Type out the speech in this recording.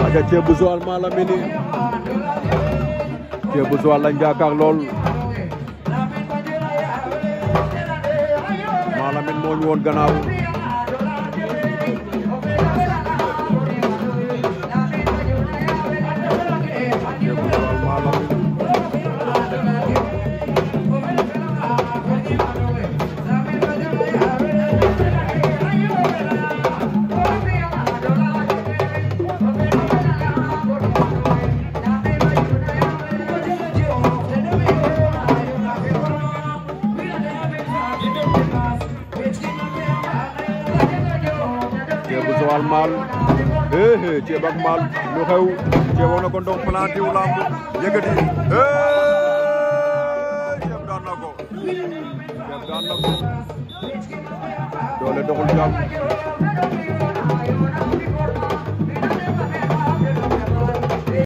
waaja ceebu Joal maa la mini ceebu Joal lañ jaakaar lool maa la min woon gannaaw Baol Maal éé ceeb ak maal lu xew ceeboon na ko ndox planté wu lamb yëkkati ceeb daan na ko ceeb daan na ko doole doxul jàpp